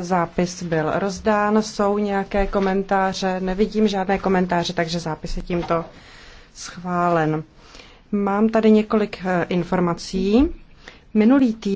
zápis byl rozdán. Jsou nějaké komentáře? Nevidím žádné komentáře, takže zápis je tímto schválen. Mám tady několik eh, informací. Minulý týden